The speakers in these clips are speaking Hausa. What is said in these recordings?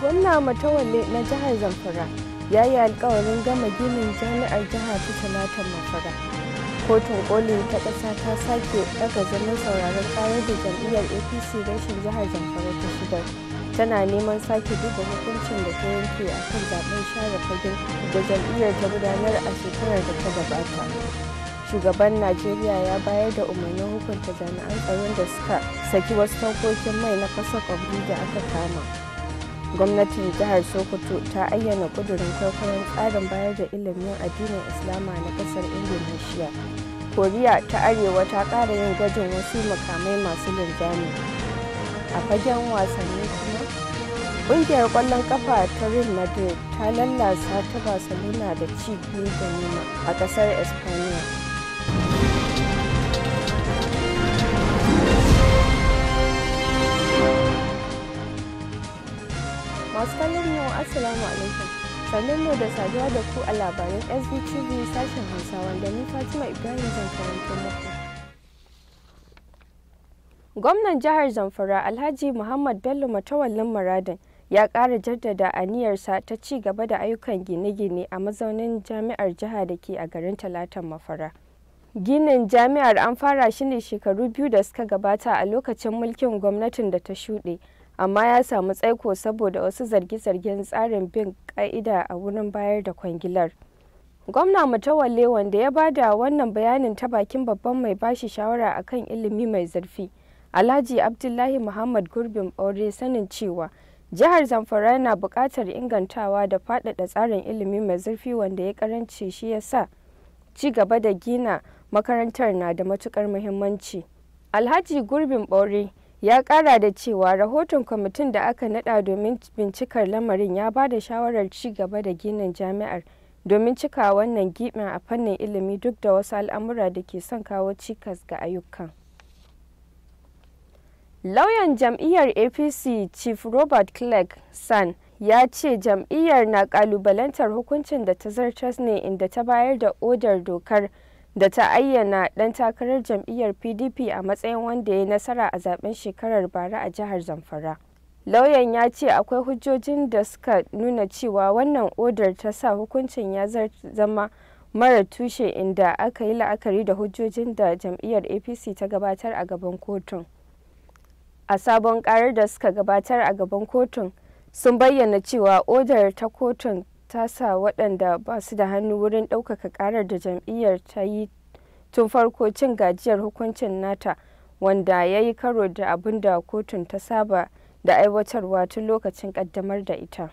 gwamna matawalle na jihar zamfara ya yi alkawarin gama ginin jami'ar jihar ta talatan mafara kotun koli ta ƙasa ta sake ɗaga zanen sauraron ƙayar da jam'iyyar apc rashin jihar zamfara ta shigar tana neman sake duba hukuncin da ta yanke a kan zaben share fagen da jam'iyyar ta gudanar a shekarar da ta gabata shugaban najeriya ya bayar da umarnin hukunta jami'an tsaron da suka saki wasu tankokin mai na kasar kwamfi da aka kama gwamnatin jihar sokoto ta ayyana kudurin kwaikwayon tsarin bayar da ilimin addinin islama na kasar indonesia koriya ta arewa ta kara yin gwajin wasu makamai masu linjami a fagen wasanni kuma Ƙungiyar ƙwallon kafa ta Real Madrid ta lallasa ta Barcelona da ci biyu da nema a ƙasar Espanya. Masu kallon yau Assalamu alaikum. Sannan mu da saduwa da ku a labarin SBTV sashen Hausa wanda ni Fatima Ibrahim zan karanta muku. gwamnan jihar zamfara alhaji muhammad bello matawallin muradin ya ƙara jaddada aniyarsa ta ci gaba da ayyukan gine-gine a mazaunin jami'ar jiha da ke a garin Talatan Mafara. Ginin jami'ar an fara shi ne shekaru biyu da suka gabata a lokacin mulkin gwamnatin da ta shuɗe, amma ya samu tsaiko saboda wasu zarge-zargen tsarin bin ƙa'ida a wurin bayar da kwangilar. Gwamna Mutawalle wanda ya ba da wannan bayanin ta bakin babban mai bashi shawara akan ilimi mai zurfi, Alhaji Abdullahi Muhammad Gurbin Ɓaure sanin cewa Jihar Zamfara na bukatar ingantawa da faɗaɗa tsarin ilimi mai zurfi wanda ya karanci shi ya sa ci gaba da gina makarantar na da matuƙar muhimmanci. Alhaji Gurbin Ɓaure ya ƙara da cewa rahoton kwamitin da aka naɗa domin bincikar lamarin ya ba da shawarar ci gaba da ginin jami'ar domin cika wannan giɓin a fannin ilimi duk da wasu al'amura da ke son kawo cikas ga ayyukan. lauyan jam'iyyar apc chief robert clark san ya ce jam'iyyar na kalubalantar hukuncin da ta zartas ne inda ta bayar da odar dokar da ta ayyana dan takarar jam'iyyar pdp a matsayin wanda ya nasara a zaben shekarar bara a jihar zamfara lauyan ya ce akwai hujjojin da suka nuna cewa wannan odar ta sa hukuncin ya zama mara tushe inda aka yi la'akari da hujjojin da jam'iyyar apc ta gabatar a gaban kotun a sabon karar da suka gabatar a gaban kotun sun bayyana cewa odar ta kotun ta sa waɗanda ba su da hannu wurin ɗaukaka karar da jam'iyyar ta yi tun farko cin gajiyar hukuncin nata wanda ya yi karo da abin da kotun ta saba da aiwatarwa tun lokacin ƙaddamar da ita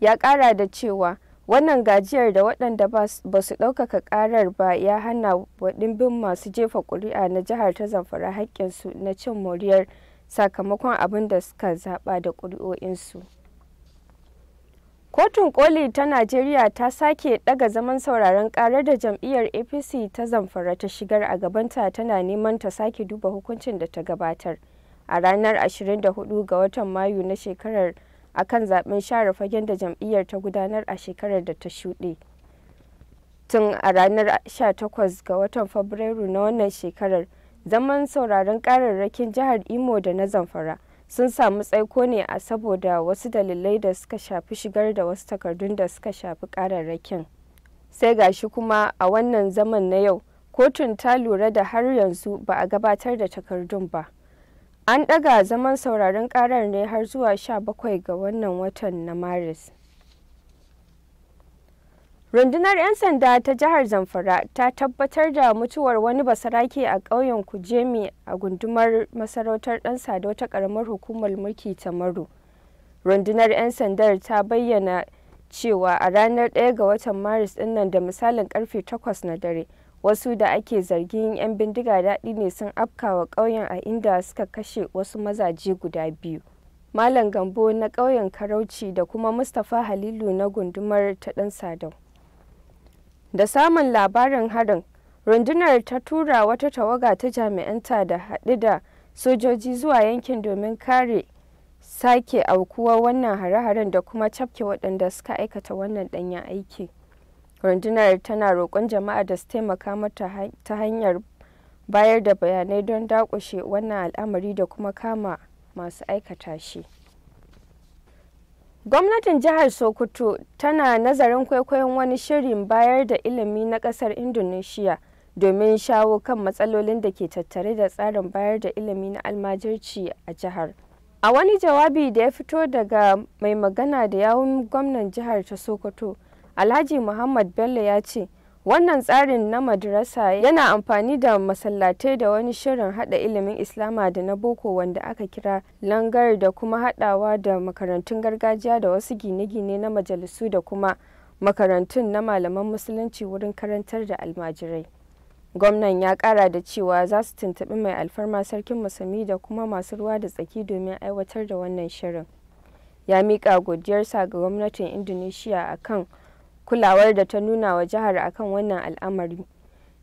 ya ƙara da cewa wannan gajiyar da waɗanda ba su ɗaukaka ƙarar ba ya hana wa ɗimbin masu jefa ƙuri'a na jihar ta zamfara haƙƙinsu na cin moriyar sakamakon abin da suka zaɓa da ƙuri'o'insu. Kotun koli ta Najeriya ta sake ɗaga zaman sauraron ƙarar da jam'iyyar APC ta zamfara ta shigar a gabanta tana neman ta sake duba hukuncin da ta gabatar a ranar 24 ga watan Mayu na shekarar akan zaben share fagen da jam'iyyar ta gudanar a shekarar da ta shuɗe. Tun a ranar 18 ga watan Fabrairu na wannan shekarar zaman sauraron kararrakin jihar imo da na zamfara sun samu tsaiko ne a saboda wasu dalilai da suka shafi shigar da wasu takardun da suka shafi kararrakin sai gashi kuma a wannan zaman na yau kotun ta lura da har yanzu ba a gabatar da takardun ba an daga zaman sauraron karar ne har zuwa 17 ga wannan watan na maris rundunar 'yan sanda ta jihar zamfara ta tabbatar da mutuwar wani basarake a ƙauyen kujemi a gundumar masarautar ɗan sadau ta ƙaramar hukumar mulki ta maru rundunar 'yan sandar ta bayyana cewa a ranar 1 ga watan maris dinnan da misalin karfe 8 na dare wasu da ake zargin 'yan bindiga daɗi ne sun afkawa ƙauyen a inda suka kashe wasu mazaje guda biyu malam gambo na ƙauyen karauci da kuma mustapha halilu na gundumar ta ɗan sadau da samun labarin harin rundunar ta tura wata tawaga ta jami'anta da haɗu da sojoji zuwa yankin domin kare sake aukuwa wannan hare-haren da kuma cafke waɗanda suka aikata wannan ɗanyen aiki rundunar tana roƙon jama'a da su taimaka mata ta hanyar bayar da bayanai don dakushe wannan al'amari da kuma kama masu aikata shi Gwamnatin jihar Sokoto tana nazarin kwaikwayon wani shirin bayar da ilimi na ƙasar Indonesia domin shawo kan matsalolin da ke tattare da tsarin bayar da ilimi na almajirci a jihar. A wani jawabi da ya fito daga mai magana da yawun gwamnan jihar ta Sokoto, Alhaji Muhammad Bello ya ce, Wannan tsarin na madrasa yana amfani da masallatai da wani shirin hada ilimin Islama da na boko wanda aka kira langar da kuma hadawa da makarantun gargajiya da wasu gine-gine na majalisu da kuma makarantun na malaman musulunci wurin karantar da almajirai. Gwamnan ya kara da cewa za su tuntuɓi mai alfarma sarkin musulmi da kuma masu ruwa da tsaki domin aiwatar da wannan shirin. Ya miƙa godiyarsa ga gwamnatin indonesiya akan kulawar da ta nuna wa jihar akan wannan al'amari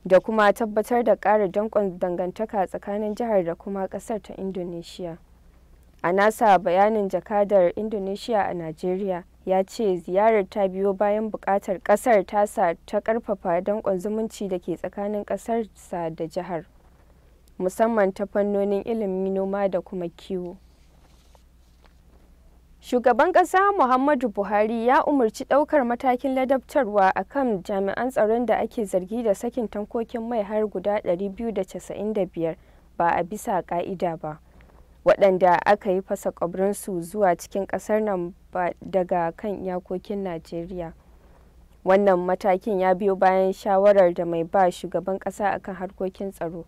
da kuma tabbatar da ƙara danƙon dangantaka tsakanin jihar da kuma ƙasar ta indonesiya a nasa bayanin jakadar indonesiya a nigeria ya ce ziyarar ta biyo bayan buƙatar ƙasar tasa ta ƙarfafa danƙon zumunci da ke tsakanin ƙasarsa da jihar musamman ta fannonin ilimin noma da kuma kiwo Shugaban ƙasa Muhammadu Buhari ya umarci ɗaukar matakin ladabtarwa a kan jami'an tsaron da ake zargi da sakin tankokin mai har guda 295 ba a bisa ƙa'ida ba, waɗanda aka yi fasa ƙwabrinsu zuwa cikin ƙasar nan ba daga kan iyakokin Najeriya. Wannan matakin ya biyo bayan shawarar da mai ba shugaban ƙasa akan harkokin tsaro,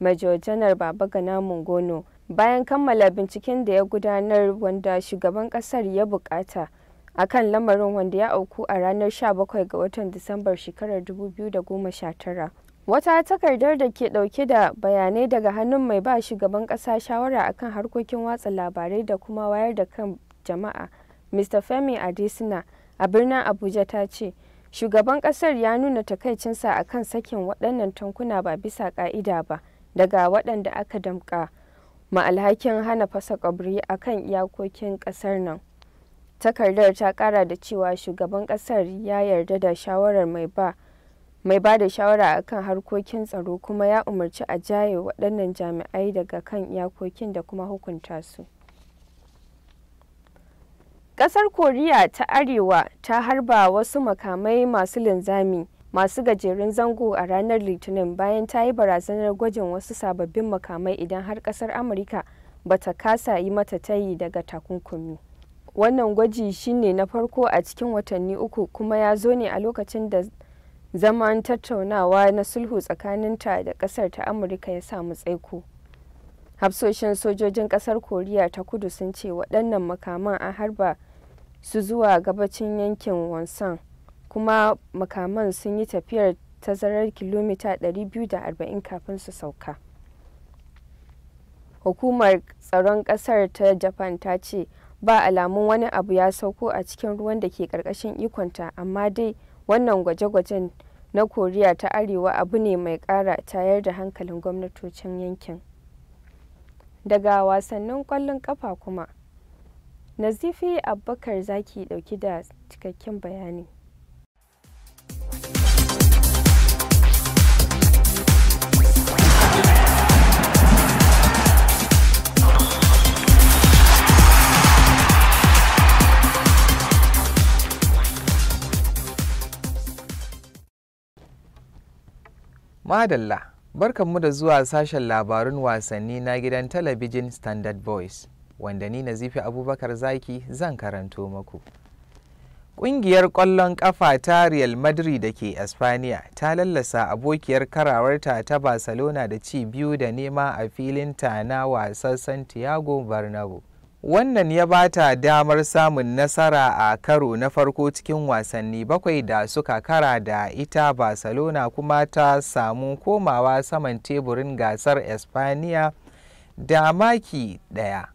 Major Janar Babagana Mungono. bayan kammala binciken da ya gudanar wanda shugaban kasar ya bukata a kan lamarin wanda ya auku a ranar 17 ga watan disambar shekarar 2019 wata takardar da ke dauke da bayanai daga hannun mai ba shugaban kasa shawara akan harkokin watsa labarai da kuma wayar da kan jama'a mr femi adesina a birnin abuja ta ce shugaban kasar ya nuna takaicinsa akan sakin waɗannan tankuna ba bisa ka'ida ba daga waɗanda aka damka. ma alhakin hana fasa kwabri a kan iyakokin kasar nan takardar ta kara da cewa shugaban kasar ya yarda da shawarar mai ba mai ba da shawara a kan harkokin tsaro kuma ya umarci a jaye waɗannan jami'ai daga kan iyakokin da kuma hukunta su ƙasar koriya ta arewa ta harba wasu makamai masu linzami masu gajerun zango a ranar litinin bayan ta yi barazanar gwajin wasu sababbin makamai idan har kasar amurka ba ta kasa yi mata tayi daga takunkumi wannan gwaji shine na farko a cikin watanni uku kuma ya zo ne a lokacin da zaman tattaunawa na sulhu tsakanin ta da kasar ta amurka ya samu tsaiko hafsoshin sojojin kasar koriya ta kudu sun ce waɗannan makaman a harba su zuwa gabacin yankin wonsan kuma makaman sun yi tafiyar tazarar kilomita 240 kafin su sauka hukumar tsaron kasar ta japan ta ce ba alamun wani abu ya sauko a cikin ruwan da ke karkashin ikonta amma dai wannan gwaje-gwajen na koriya ta arewa abu ne mai kara tayar da hankalin gwamnatocin yankin daga wasannin kwallon kafa kuma nazifi abubakar zaki dauki da cikakken bayani Madalla, barkanmu da zuwa sashen labarun wasanni na gidan talabijin Standard Voice, wanda ni Nazifi Abubakar Zaki zan karanto maku. Ƙungiyar ƙwallon ƙafa ta Real Madrid da ke Espaniya ta lallasa abokiyar karawarta ta Barcelona da ci biyu da nema a filin ta na wasan Santiago Bernabeu. wannan ya ba ta damar samun nasara a karo na farko cikin wasanni bakwai da suka kara da ita barcelona kuma ta samu komawa saman teburin gasar espaniya da maki daya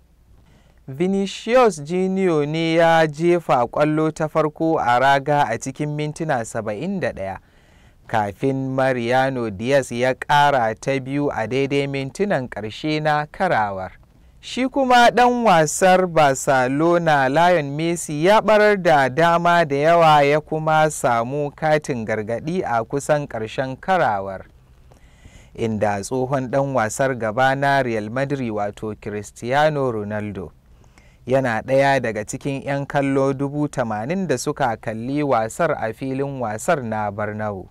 vinicius junior ne ya jefa kwallo ta farko a raga a cikin mintuna 71 kafin mariano diaz ya kara ta biyu a daidai mintunan karshe na karawar shi kuma ɗan wasar barcelona lion messi ya barar da dama da yawa ya kuma samu katin gargadi a kusan ƙarshen karawar inda tsohon ɗan wasar gaba na real madrid wato cristiano ronaldo yana ɗaya daga cikin 'yan kallo 80,000 da suka kalli wasar a filin wasar na barnau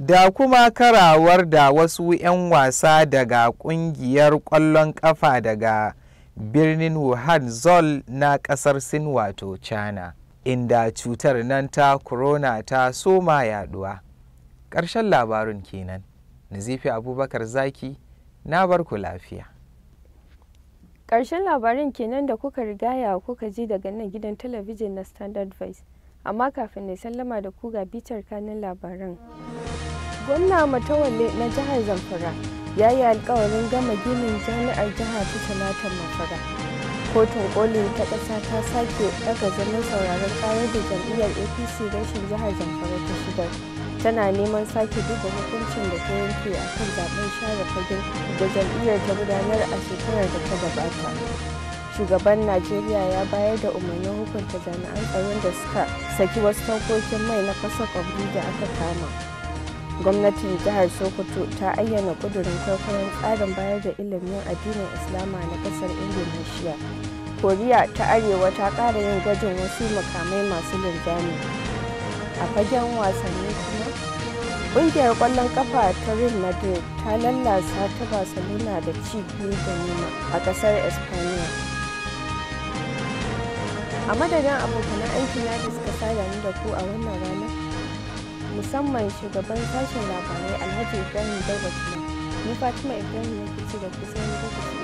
da kuma karawar da wasu 'yan wasa daga kungiyar ƙwallon ƙafa daga birnin Wuhan Zol na ƙasar Sin wato China, inda cutar nan ta corona ta soma yaduwa. Ƙarshen labarin kenan, Nazifi Abubakar Zaki, na barku lafiya. Ƙarshen labarin kenan da kuka rigaya kuka ji daga nan gidan talabijin na Standard Voice, amma kafin na sallama da ku ga bitar kanin labaran. gwamna matawalle na jihar zamfara ya yi alkawarin gama ginin jami'ar jihar ta talatan mafara kotun kolin ta ƙasa ta sake ɗaga zanen sauraron karar da jam'iyyar apc rashin jihar zamfara ta shigar tana neman sake duba hukuncin da ta yanke a kan zaben share fagen da jam'iyyar ta gudanar a shekarar da ta gabata shugaban najeriya ya bayar da umarnin hukunta jami'an tsaron da suka saki wasu tankokin mai na kasa kwamri da aka kama gwamnati jihar sokoto ta ayyana kudurin kwaikwayon tsarin bayar da ilimin addinin islama na kasar indonesia koriya ta arewa ta kara yin gwajin wasu makamai masu linjani. a fagen wasanni kuma ƙungiyar kwallon kafa ta real madrid ta lallasa ta barcelona da ci biyu da nema a kasar espanya a madadin abokanan aiki na da suka sada ni da ku a wannan ranar musamman shugaban sashen labarai alhaji ibrahim garba kuma ni fatima ibrahim ya ce da kusan lokaci